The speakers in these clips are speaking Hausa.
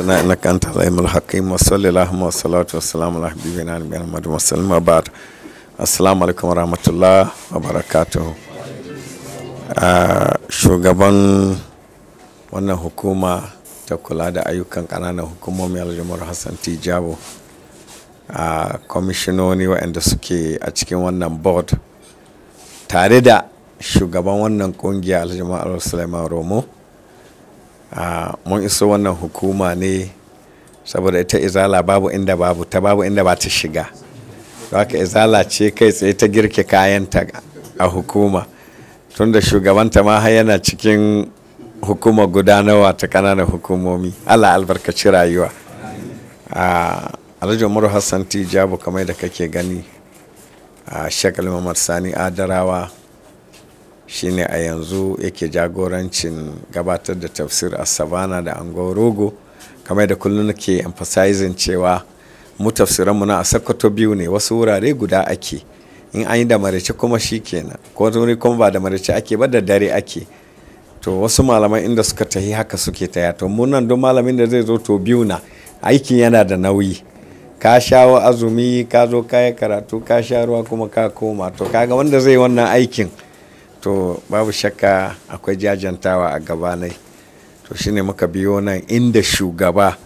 لنا انك انت العلم الحكيم وصلى اللهم والصلاه والسلام على حبيبنا محمد وسلم وبعد assalamu alaikum rahmatullah wa barakatuhu ah, wannan hukuma ta kula da ayyukan ƙananan hukumomi aljumar hassan tijabo a ah, kwamishinoni waɗanda suke a cikin wannan board tare da shugaban wannan ƙungiya aljumar al-sulaiman romo Ah, mun iso wannan hukuma ne saboda ita izala babu inda babu ta babu inda ba ta shiga haka izala ce kai tsaye ta girke kayanta a hukuma tunda shugabanta ma har yana cikin hukuma gudanarwa ta kananan hukumomi allah albarkaci rayuwa ah, alhaji umaru hassan tijabu kamar da kake gani a ah, shekali mamar sani adarawa shine a yanzu yake jagorancin gabatar da tafsir a savana da angorogo. kamar da kullum ke emphasizing cewa mu tafsiranmu na a sakkwato biyu ne wasu wurare guda ake in an yi da marice kuma shi kenan ko wani kuma ba da marice ake ba da dare ake to wasu malaman inda suka tahi haka suke taya to mun nan don malamin da zai zo to biyu na aikin yana da nauyi ka shawo azumi ka zo ka karatu ka sha ruwa kuma ka koma to kaga wanda zai wannan aikin to babu shakka akwai jajantawa a gabanai to shine muka biyo nan inda shugaba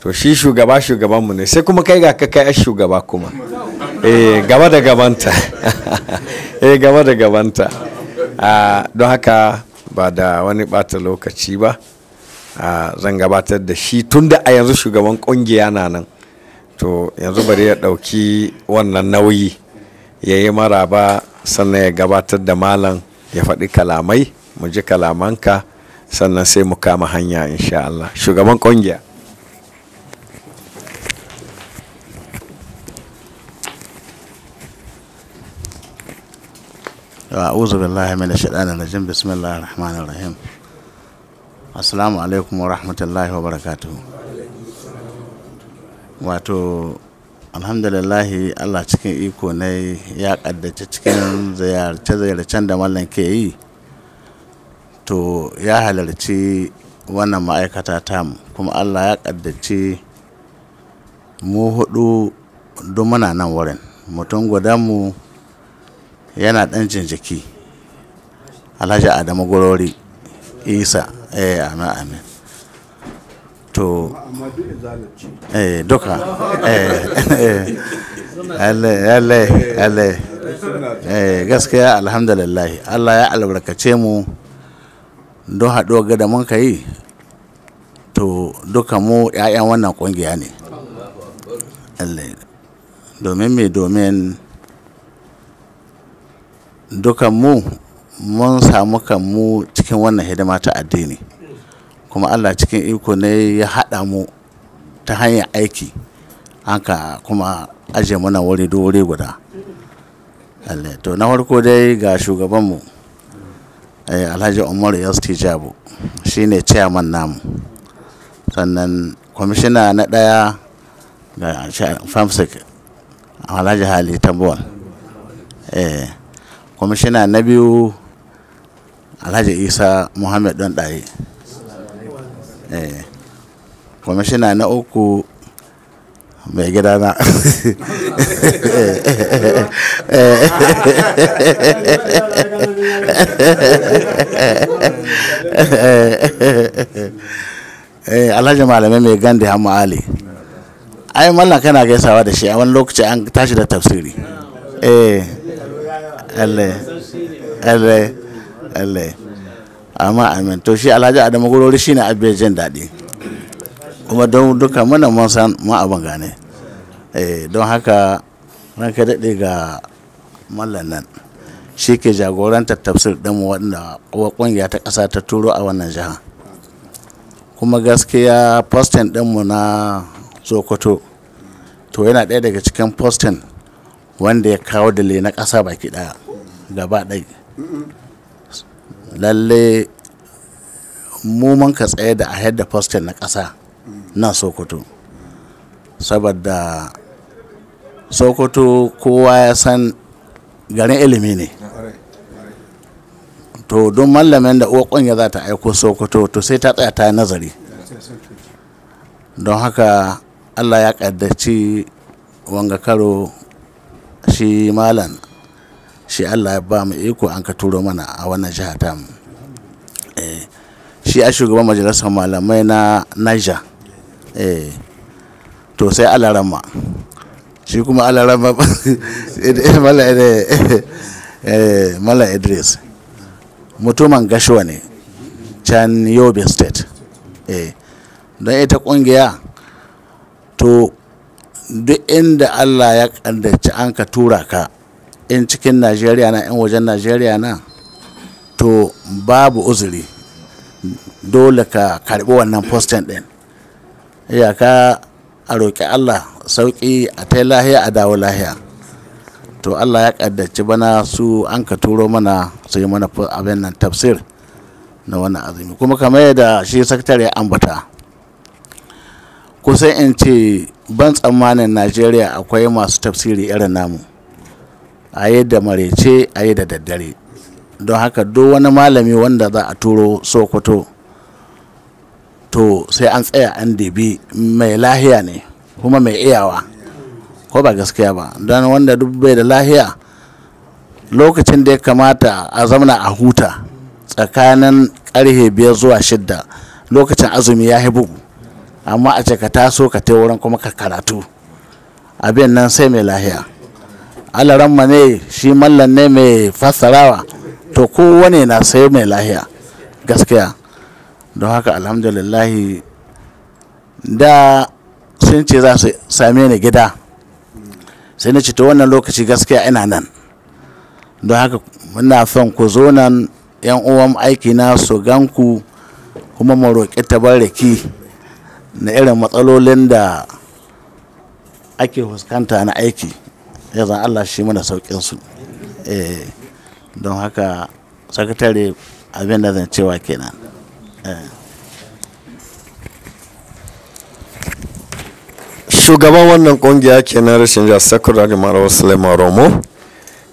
to shi shugaba shugabanmu ne sai kuma kai ga ka kai shugaba kuma eh gaba da gabanta eh gaba da gabanta ah, don haka ba da wani bata lokaci ba ah, zan gabatar da shi tunda a yanzu shugaban kungiya na nan to yanzu bari ya dauki wannan nauyi ya yi maraba sannan ya gabatar da malam ya faɗi kalamai mu ji kalamanka sannan sai mu kama hanya insha Allah shugaban ƙungiya أعوذ بالله من الشيطان الرجيم بسم الله الرحمن الرحيم السلام عليكم ورحمة الله وبركاته wato alhamdulillahi allah cikin iko ne ya kaddace cikin ziyarce-ziyarcen da mallan ke yi to ya halarci wannan ma'aikata tamu kuma allah ya kaddace mu hudu don muna nan wurin mutum mu yana dan jinjiki alhaji adamu gorori isa eh amin to eh doka eh eh, eh gaskiya alhamdulillah Allah ya albarkace mu don haɗuwa ga mun ka yi to duka mu 'ya'yan wannan ƙungiya ne domin me domin dukan mu mun samu kanmu cikin wannan hidima ta addini kuma allah cikin iko ne ya haɗa mu ta hanyar aiki anka kuma aje mana wuri wuri guda to na farko dai ga shugabanmu eh, alhaji umar yasti jabu shi ne chairman namu sannan kwamishina na ɗaya ga famsik alhaji hali tambol eh, kwamishina na biyu alhaji isa muhammad ɗaye Eh, kwamishina na uku mai gida na eh, alhaji malamai mai gandi hamu ali ai mallan kana gaisawa da shi a wani lokaci an tashi da tafsiri eh alle alle alle amma amin to shi alhaji adamu gurori shine abin jin daɗi kuma don duka mana mun san abin gane eh, don haka ranka daɗe ga mallan nan shi ke jagorantar tafsir ɗinmu waɗanda ƙungiya ta ƙasa ta turo a wannan jiha kuma gaskiya postin ɗinmu na sokoto to yana ɗaya daga cikin postin wanda ya kawo dale na ƙasa baki ɗaya gaba ɗai lalle mu mun ka tsaye da a yadda postal na ƙasa na sokoto saboda sokoto kowa ya san garin ilimi ne to don mallamin da uwa ya za ta aiko sokoto to sai ta tsaya ta nazari don haka allah ya ƙaddaci wanga karo shi malam shi allah ya ba mu iko an ka turo mana a wannan jihar tamu shi a shugaban majalisar malamai na naija eh to sai alarama shi kuma alarama mala eh, idris mutumin gashuwa ne can yobe state eh don ita kungiya to duk inda allah ya kandace an ka tura ka in cikin najeriya na in wajen najeriya na to babu uzuri dole ka karbi wannan postin din iyaka a roƙi allah sauƙi a ta lahiya a dawo lahiya to allah ya ƙaddaci bana su an ka turo mana su yi mana abin nan tafsir na wannan azumi kuma kamar yadda shi sakatare ya ambata kusan in ce ban tsammanin najeriya akwai masu tafsiri irin namu a yi marece a yi da daddare don haka duk wani malami wanda za a turo sokoto to sai an tsaya an debi mai lahiya ne kuma mai iyawa ko ba gaskiya ba don wanda duk bai da lahiya lokacin da ya kamata a zamana a huta tsakanin karhe biyar zuwa shidda lokacin azumi ya yi bugu amma a ce ka taso ka ta wurin kuma ka karatu abin nan sai mai lahiya alaramma ne shi mallan ne mai fassarawa to kowane na sai mai lahiya gaskiya don haka alhamdulillahi da sun ce za su same ni gida sai na ce ta wannan lokaci gaskiya ina nan don haka muna son ku zo nan yan uwan aiki na su gan ku kuma mu roƙi tabarraki na irin matsalolin da ake fuskanta na aiki ya zan Allah shi mana saukin su eh, don haka sakatare abin da zan cewa kenan shugaban wannan kungiya kenan rashin jihar sakurar marawar suleiman romo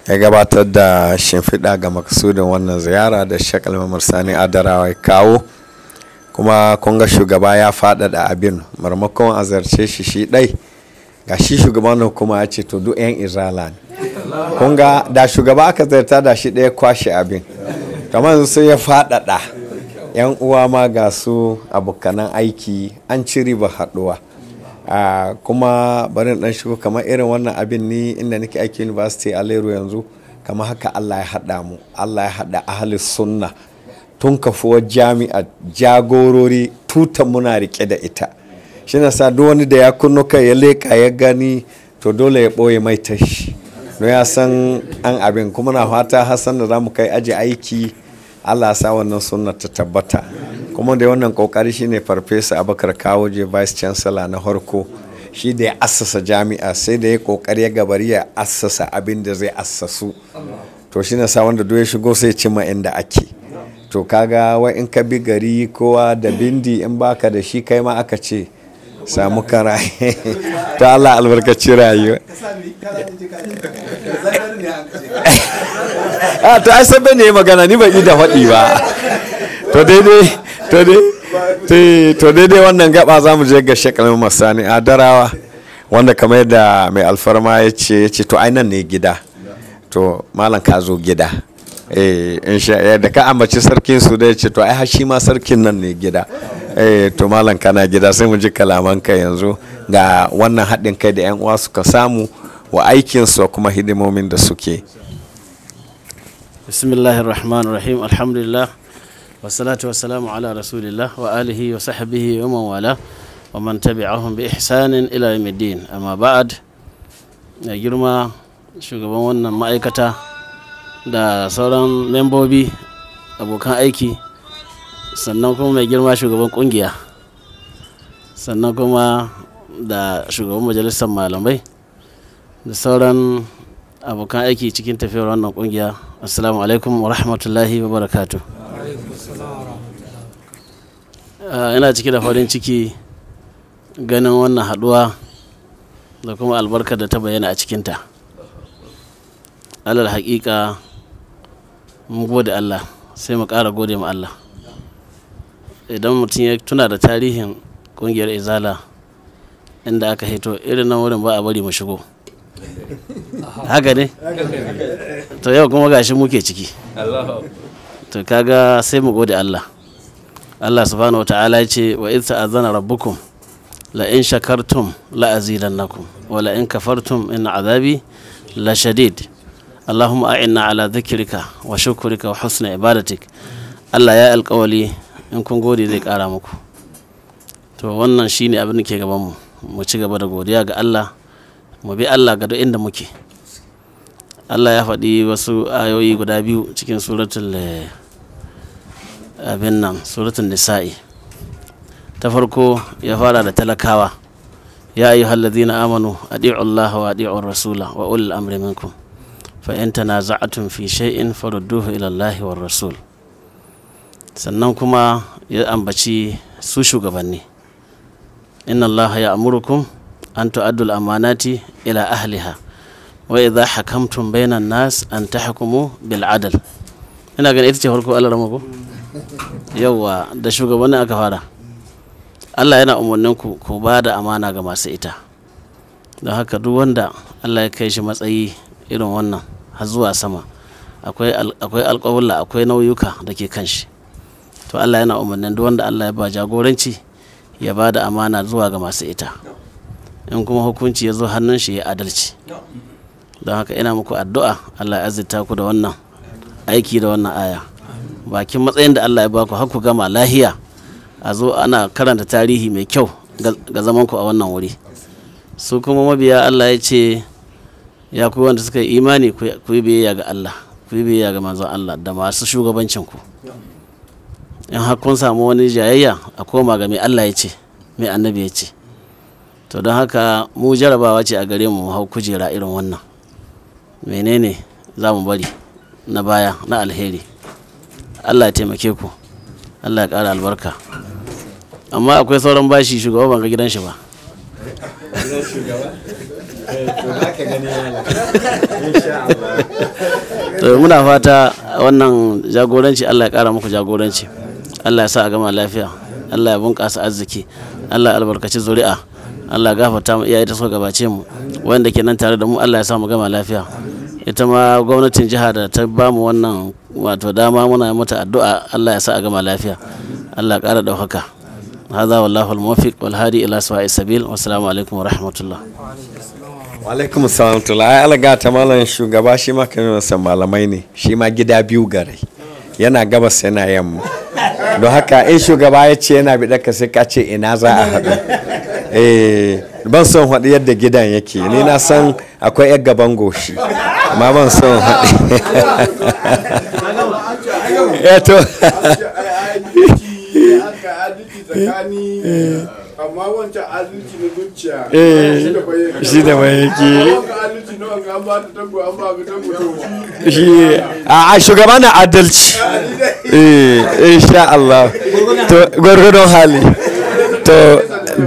ya gabatar da shimfiɗa ga makasudin wannan ziyara da shakal mamar sani adarawa ya kawo kuma kunga shugaba ya faɗaɗa abin marmakon a zarce shi shi ɗai ga shi shugaban kuma ya ce to duk 'yan izala ne kunga da shugaba aka zarta da shi ɗaya kwashe abin kamar sun ya faɗaɗa 'yan uwa ma ga su abokanan aiki an ci riba haɗuwa kuma barin ɗan shigo kamar irin wannan abin ni inda nake aiki university a lero yanzu kamar haka allah ya haɗa mu allah ya haɗa ahli sunna tun kafuwa jami'a jagorori tuta muna rike da ita shi na sa duk wani da ya kunno kai ya leka ya gani to dole ya ɓoye mai tashi no ya san an abin kuma na fata hassan da za mu kai aji aiki Allah sa wannan suna ta tabbata kuma da wannan kokari shine farfesa abakar kawoje vice chancellor na harko shi da ya assasa jami'a sai da ya kokari ya gabari ya assasa abin da zai assasu to shi na sa wanda duk ya shigo sai cimma inda ake to kaga wa in ka bi gari kowa da bindi in baka da shi kai ma aka ce samu karaye ta Allah albarkaci rayuwa a ah, to ai sabbe ne magana ni ba da faɗi ba to daidai to dai to daidai wannan gaba za mu je ga shekalin masani a darawa wanda kamar yadda mai alfarma ya ce ya ce to ai nan ne gida to malam ka zo gida eh da ka ambaci sarkin su da ya ce to ai shi ma sarkin nan ne gida eh to malam kana gida sai mu ji kalaman ka yanzu ga wannan haɗin kai da 'yan uwa suka samu wa aikinsu su kuma hidimomin da suke bismillahirrahmanirrahim alhamdulillah wasalatu wasalamu ala rasulillah wa alihi wa sahbihi wa man wala wa man tabi'ahum bi ihsanin ila yawmiddin amma ba'ad ya girma shugaban wannan ma'aikata da sauran membobi abokan aiki sannan kuma mai girma shugaban kungiya sannan kuma da shugaban majalisar malamai da sauran abokan aiki cikin tafiyar wannan kungiya assalamu alaikum wa rahmatullahi wa barakatu Yana ah, ciki da farin ciki ganin wannan haɗuwa da kuma albarkar da ta bayyana a cikinta alal haƙiƙa mu gode allah sai mu ƙara gode ma allah idan mutum ya tuna da tarihin ƙungiyar izala inda aka hito irin nan wurin ba a bari mu shigo haka ne to yau kuma gashi muke ciki to kaga sai mu gode Allah Allah subhanahu wa ta'ala ce wa idh ta'azzana rabbukum la in shakartum la azidannakum wa la in kafartum in azabi la shadid Allahumma a'inna ala dhikrika wa shukrika wa husna ibadatik Allah ya alƙawali in kun gode zai kara muku to wannan shine abin da ke gaban mu mu ci gaba da godiya ga Allah mu bi Allah ga duk inda muke Allah ya faɗi wasu ayoyi guda biyu cikin suratul eh, abin nan suratul nisa'i ta farko ya fara da talakawa ya ayi halladina amanu adi'u Allah wa adi'u rasula wa ulul amri minkum fa in tanaza'tum fi shay'in farudduhu ila Allah wa rasul sannan kuma ya ambaci su shugabanni inna ya ya'murukum an tu'addu al-amanati ila ahliha wa idha hakamtum bayna nas an tahkumu bil adl ina ganin ita ce farko Allah rama ko yawa da shugabanni aka fara Allah yana umarnin ku ku ba da amana ga masu ita don haka duk wanda Allah ya kai shi matsayi irin wannan har zuwa sama akwai alƙawulla akwai nauyuka da ke kan shi to Allah yana umarnin duk wanda Allah ya ba jagoranci ya ba da amana zuwa ga masu ita in kuma hukunci ya zo hannun shi ya adalci don haka ina muku addu'a allah ya azurta ku da wannan aiki da wannan aya bakin matsayin da allah ya baku har ku gama lahiya a zo ana karanta tarihi mai kyau ga zaman ku a wannan wuri su kuma mabiya allah ya ce ya ku wanda suka yi imani ku yi biyayya ga allah ku yi biyayya ga manzon allah da masu shugabancin ku in har kun samu wani jayayya a koma ga mai Allah ya ce mai annabi ya ce to don haka mu jarabawa ce a gare mu hau kujera irin wannan menene za mu bari na baya na alheri Allah ya taimake ku Allah ya ƙara albarka amma akwai sauran bashi shugaba ban ga gidan shi ba to muna fata wannan jagoranci Allah ya ƙara muku jagoranci Allah ya sa a gama lafiya Allah ya bunƙasa arziki Allah albarkaci zuri'a Allah ya gafarta mu iyaye da so gabace mu wanda ke nan tare da mu Allah ya sa mu gama lafiya ita ma gwamnatin jiha da ta ba mu wannan wato dama muna mata addu'a Allah ya sa a gama lafiya Allah ƙara ɗaukaka هذا والله الموفق والهادي الى سواء السبيل والسلام عليكم ورحمه الله alaikum salam tula ala alaga ta malam shugaba shi ma kamar malamai ne shi ma gida biyu gare yana gabas yana yamma don haka in shugaba ya ce yana bi ka sai ka ce ina za a haɗu eh ban son haɗu yadda gidan yake ni na san akwai yar gaban goshi amma ban son haɗu eto eh, amma wancan azuci na zuciya eh, shi da bayyaki A'a eh, a shugaba na adalci eh, insha Allah to gwargwadon hali to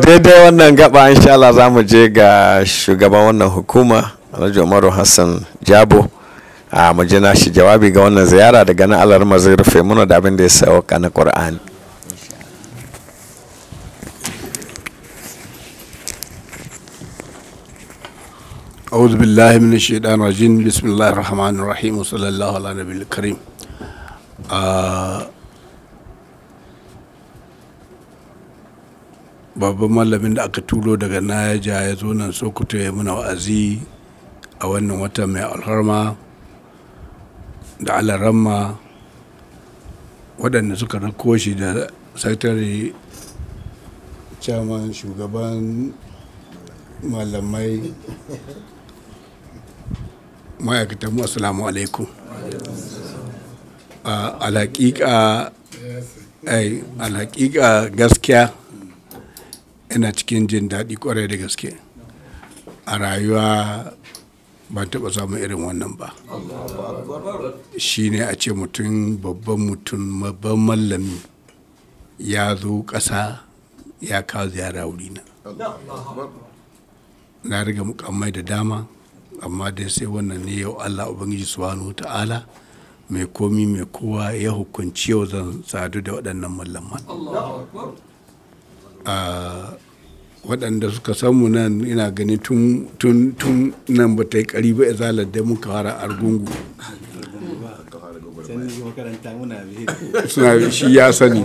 daidai wannan gaba insha Allah za mu je ga shugaban wannan hukuma Alhaji Umaru Hassan Jabo a ah, mu je na shi jawabi ga wannan ziyara daga na Allah zai rufe muna da abin da ya sauka na Qur'ani أعوذ بالله من الشيطان الرجيم بسم الله الرحمن الرحيم وصلى babban malamin da aka turo daga naija ya zo nan sokoto ya muna wa'azi a wannan wata mai alharma da alaramma waɗanda suka rako shi da sakitare chairman shugaban malamai ma'aikatan mu asalamu alaikum alhaƙiƙa gaskiya ina cikin jin daɗi ƙwarai da gaske a rayuwa ba taɓa samun irin wannan ba shi ne a ce mutum babban mutum babban mallami ya zo ƙasa ya kawo ziyara wurina na riga mukammai da dama amma dai sai wannan ne yau allah ubangiji subhanahu ta'ala mai komi mai kowa ya hukunci yau zan sadu da waɗannan mallaman ah, waɗanda suka samu nan ina gani tun nan ba ta yi ƙari ba izalar da muka fara argungu suna shi ya sani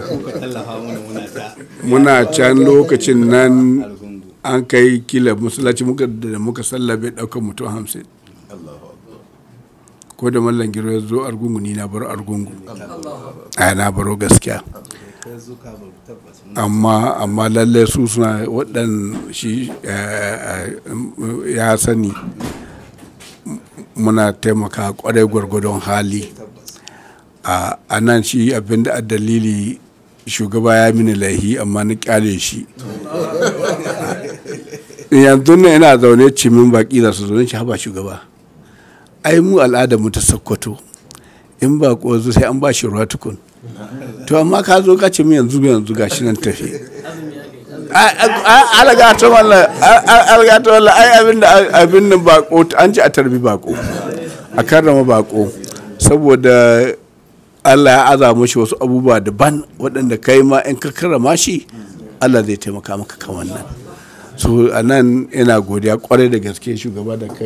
muna can lokacin nan an kai kila musulaci muka da muka sallabe ɗaukar mutum hamsin ko da mallan giro ya zo argungu ni na baro argungu a na baro gaskiya amma amma lalle su suna waɗan shi eh, ya sani muna taimaka kwarai gwargwadon hali a nan shi abin a dalili shugaba ya mini laihi amma na kyale shi yanzu ne yana zaune cimin baki za su zaune ci haba shugaba ai mu al'ada mu ta sokoto in ba ko sai an ba shi ruwa tukun to amma ka zo ka ci mu yanzu yanzu gashi nan tafi alaga a ai abin da abin nan bako an ci a tarbi bako a karrama bako saboda Allah ya aza mashi wasu abubuwa daban waɗanda kai ma in ka karrama shi Allah zai taimaka maka kan wannan so a nan ina godiya kwarai da gaske shugaba da ka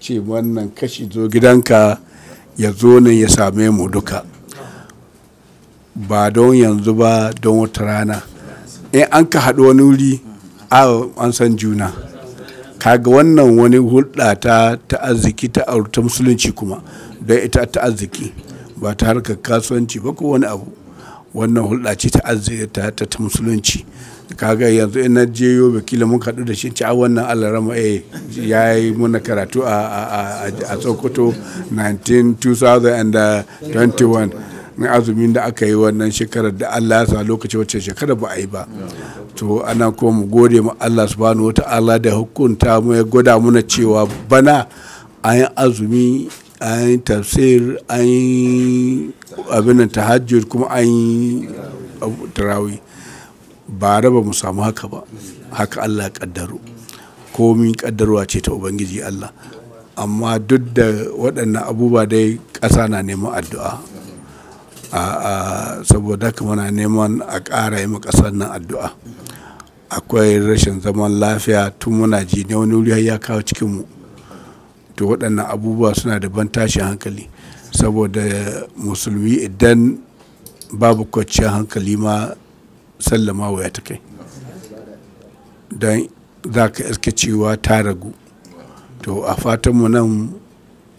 ce wannan kashi zo gidanka ya zo nan ya same mu duka ba don yanzu ba don wata rana in an ka haɗu wani wuri an san juna kaga wannan wani hulɗa ta ta ta ta musulunci kuma don ita ta arziki ba ta harkar kasuwanci ba ko wani abu wannan hulɗa ce ta arziki ta ta musulunci kaga yanzu ina je wakilin kila mun kaɗu da shi ci a wannan alarama a eh, ya yi muna karatu a sokoto 1921 uh, na azumin da aka yi wannan shekarar da allah ya sa lokaci wacce shekarar ba a yi ba to ana kuma mu gode ma allah subhanahu wata allah da hukunta mu ya gwada muna cewa bana an yi azumi an yi tafsir an yi abin tahajjud kuma an yi uh, tarawi ba raba mu samu haka ba haka Allah kaddaro komin kaddarwa ce ta ubangiji Allah amma duk da waɗannan abubuwa dai ƙasa na neman addu'a a saboda haka muna neman a ƙara yi ƙasar nan addu'a akwai rashin zaman lafiya tun muna ji ne wani wuri ya kawo cikinmu to waɗannan abubuwa suna da ban tashi hankali saboda musulmi idan babu kwanciyar hankali ma sallama ya ta kai don za ka iske cewa ta ragu to a fatanmu nan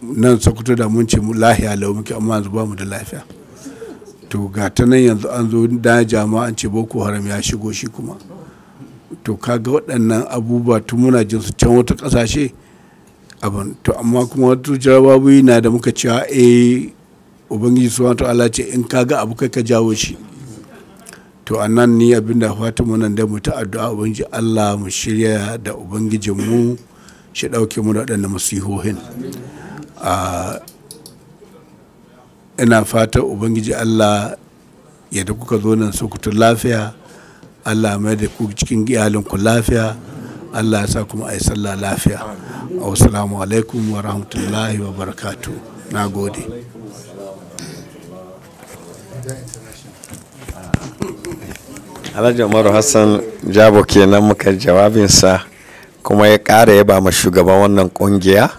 nan da mun ce mu lahiya lau muke amma yanzu ba mu da lafiya to ga ta nan yanzu an zo da jama'a an ce boko haram ya shigo shi kuma to kaga waɗannan abubuwa tun muna jin su can wata ƙasashe abin to amma kuma wata jarababu na da muka cewa ah, eh ubangiji su wata ala ce in ka ga abu kai ka jawo shi to a nan ni da fatima nan da mu ta addu'a ubangiji allah mu shirya da ubangijinmu shi ɗauke mu da waɗanda masihohin ina fata ubangiji allah ya da kuka zo nan sokoto lafiya allah mai da ku cikin iyalinku lafiya allah ya sa kuma a yi sallah lafiya assalamu alaikum wa rahmatullahi wa barakatu na gode alhaji umaru hassan jabo kenan muka jawabinsa kuma ya ƙara yaba ma shugaban wannan ƙungiya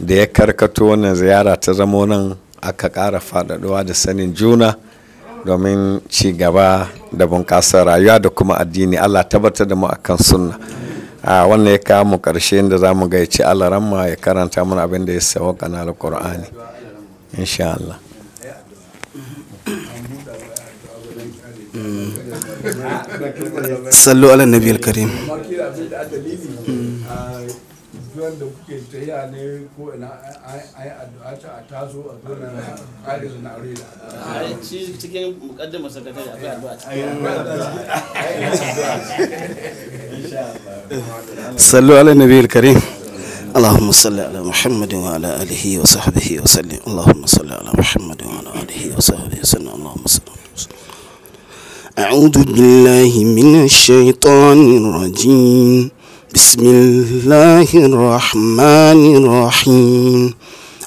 da ya karkato wannan ziyara ta zamo nan aka ƙara faɗaɗuwa da sanin juna domin ci gaba da bunƙasar rayuwa da kuma addini allah tabbatar da mu akan sunna a wannan ya kawo mu ƙarshe da za mu gaici allah ramma ya karanta mana abin da ya sauka na alƙur'ani insha allah mm. صلوا على النبي الكريم صلوا على النبي الكريم اللهم صل على محمد وعلى اله وصحبه وسلم اللهم صل على محمد وعلى اله وصحبه وسلم اللهم صل على أعوذ بالله من الشيطان الرجيم بسم الله الرحمن الرحيم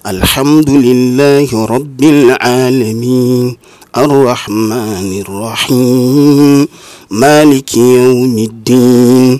الحمد لله رب العالمين الرحمن الرحيم مالك يوم الدين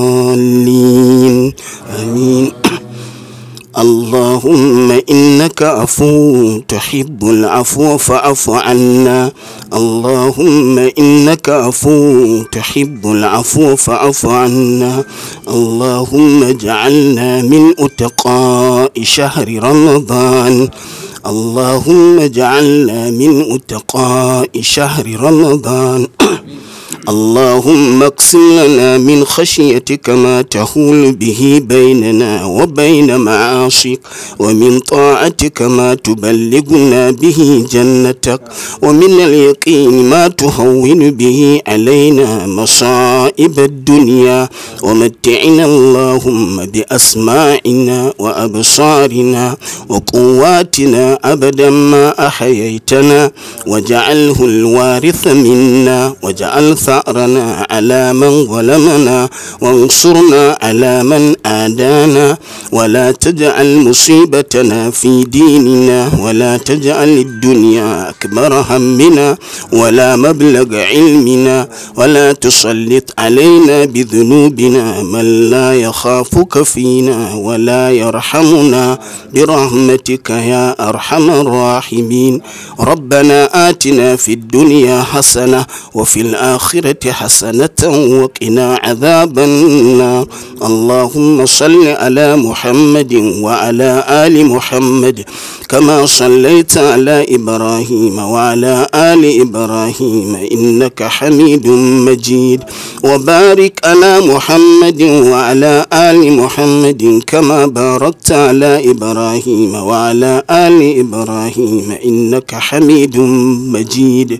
إنك عفو تحب العفو فاعف عنا اللهم إنك عفو تحب العفو فاعف عنا اللهم اجعلنا من أتقاء شهر رمضان اللهم اجعلنا من أتقاء شهر رمضان اللهم اقسم لنا من خشيتك ما تحول به بيننا وبين معاصيك ومن طاعتك ما تبلغنا به جنتك ومن اليقين ما تهون به علينا مصائب الدنيا ومتعنا اللهم بأسماعنا وأبصارنا وقواتنا أبدا ما أحييتنا وجعله الوارث منا وجعل ثم ثأرنا على من ظلمنا وانصرنا على من آدانا ولا تجعل مصيبتنا في ديننا ولا تجعل الدنيا أكبر همنا ولا مبلغ علمنا ولا تسلط علينا بذنوبنا من لا يخافك فينا ولا يرحمنا برحمتك يا أرحم الراحمين ربنا آتنا في الدنيا حسنة وفي الآخرة الآخرة حسنة وقنا عذاب النار اللهم صل على محمد وعلى آل محمد كما صليت على إبراهيم وعلى آل إبراهيم إنك حميد مجيد وبارك على محمد وعلى آل محمد كما باركت على إبراهيم وعلى آل إبراهيم إنك حميد مجيد